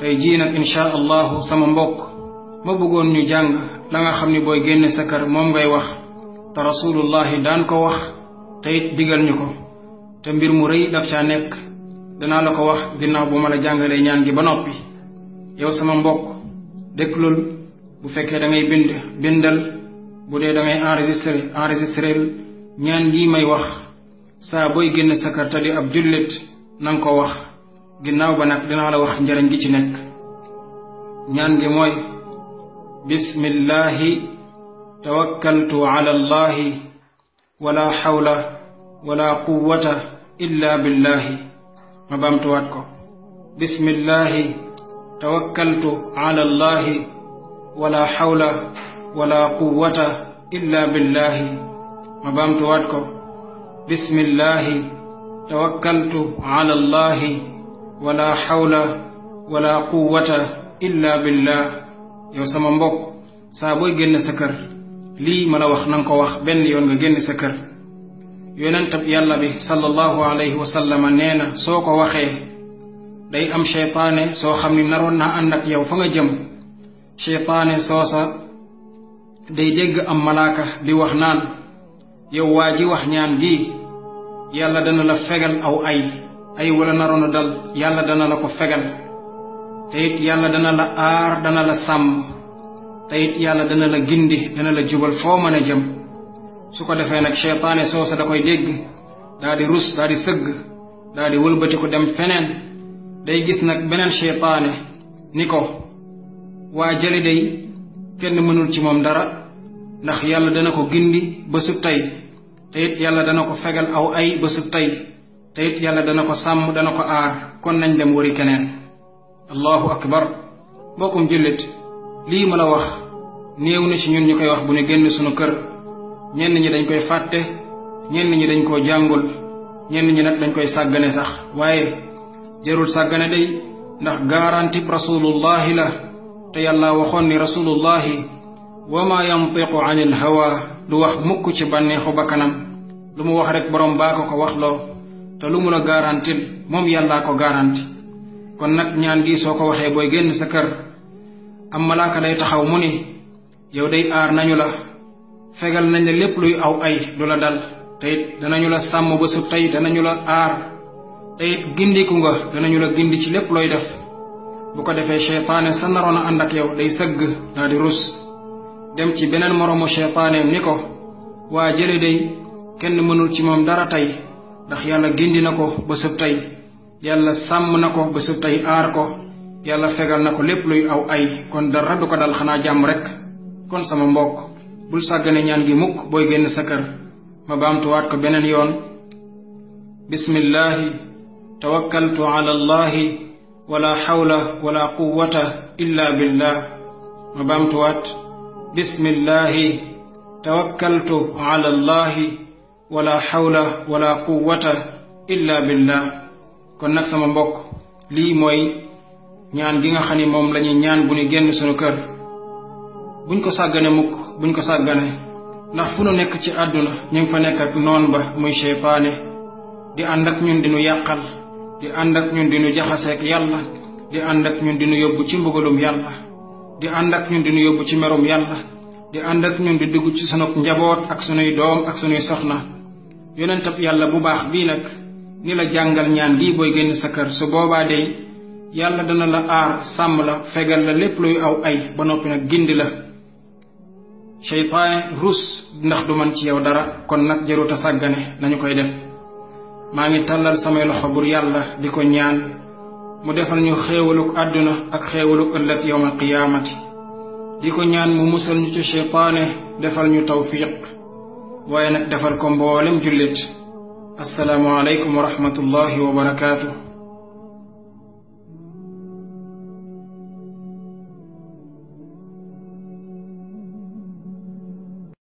tey jii nag incha allahu sama mbokk ma bëggoon ñu jàng la nga xam ni booy génn sa moom ngay wax te rasulullahi daan ko wax te it digal ñu ko te mbir mu rëy daf caa nekk danaa la ko wax ginnaaw bu ma la jàngalee ñaan gi ba noppi yow sama mbokk déglul bu fekkee dangay bind bindal bu dee da ngay enregistré ñaan gi may wax saa booy génn sa te di ab jullit na ko wax ginnaaw ba nag dinaa la wax njëriñ gi ci gi mooy bismillahi tawakkaltu ala allahi la xawla wala quwata illa billahi ko bismillahi tawakkaltu ala allahi la xawla wala quwata illa billahi bismillahi tawakkaltu ala wala xawla wala quwata illa billah yow sama mbokk saa booy génn sa kër lii ma la wax na nga ko wax benn yoon nga génn sa kër yonentab yàlla bi sallallahu alayhi wa sallama nee na soo ko waxee day am seytaane soo xam ni naroon naa ànd ak yow fa nga jëm seytaane soosa day dégg am malaaka di wax naan yow waa ji wax ñaan gi yàlla dana la fegal aw ay ay wala naroon a dal yàlla dana la ko fegal te yàlla dana la aar dana la sàmm te yàlla dana la gindi dana la jubal foo mën su ko defee nag seytaane soosa da koy dégg daa rus daa sëgg daa wëlbatiku dem feneen day gis nag beneen seytaane ni ko waa jële day kenn mënul ci moom dara ndax yàlla dana ko gindi ba su tey yàlla dana ko fegal aw ay ba su te yàlla dana ko sàmm dana ko aar kon nañ dem wari keneen allahu akbar mbokkum jullit lii ma la wax néew na ci ñun ñu koy wax bu nu génn sunu kër ñenn ñi dañ koy fàtte ñenn ñi dañ koo jàngul ñenn ñi nag dañ koy sàggane sax waaye jarul sàggane day ndax garanti rasulullahi la te yàlla waxoon ni rasulullahi wa ma yantiqu an il hawa du wax mukk ci bànneexu ba kanam lu mu wax rek boroom baa ko ko loo te lu mu la garantil moom yàllaa ko garanti kon nag ñaan gi soo ko waxee booy génn sa kër am malaaka day taxaw mu ni yow day aar nañu la fegal nañ la lépp luy aw ay du la dal te danañu la sàmm ba su tey danañu la aar te it gindiku nga danañu la gindi ci lépp looy def bu ko defee cheytaane sa naroon a ànd ak yow day sëgg daa di dem ci beneen moroomu cheytaaneem ni ko waa jële day kenn mënul ci moom dara tey ndax yàlla gindi na ko ba sëb tey yàlla sàmm na ko ba sëb aar ko yàlla fegal na ko lépp luy aw ay kon dara du ko dal xanaa jàmm rek kon sama mbokk bul sàggane ñaan gi mukk booy génn sakar kër ma baamtuwaat ko beneen yoon bismillahi tawakkaltu ala wala xawla wala quwata illa billah ma baamtuwaat bismillahi tawakkaltu ala wala xawla wala quwwata illa billah kon nag sama mbokk lii mooy ñaan bi nga xam ni moom la ñuy ñaan bu ñu génn sunu kër buñ ko sàggane mukk buñ ko sàggane ndax fu nu nekk ci àdduna ñu ngi fa nekk ak noon ba muy seytaane di ànd ak ñun di nu yàqal di ànd ak ñun di nu jaxaseek yàlla di ànd ak ñun di nu yóbbu ci mbugalum yàlla di ànd ak ñun di nu yóbbu ci merum yàlla di ànd ak ñun di dugg ci sunu njaboot ak sunuy doom ak sunuy soxna yonentab yàlla bu baax bii nag ni la jàngal ñaan lii booy génn sa kër su boobaa dey yàlla dana la aar sàmm la fegal la lépp luy aw ay ba noppi nag gindi la seytaane ruus ndax du man ci yow dara kon nag jaruta sàggane nañu koy def maa ngi tàllal samay loxo bur yàlla di ko ñaan mu defal ñu xéewaluk àdduna ak xéewaluk ëllëg yowmal qiyaamati di ko ñaan mu musal ñu ci seytaane defal ñu tawfiq waaye nag defal ko mboolem jullit assalaamu aleykum wa rahmatullahi wa barakaatu.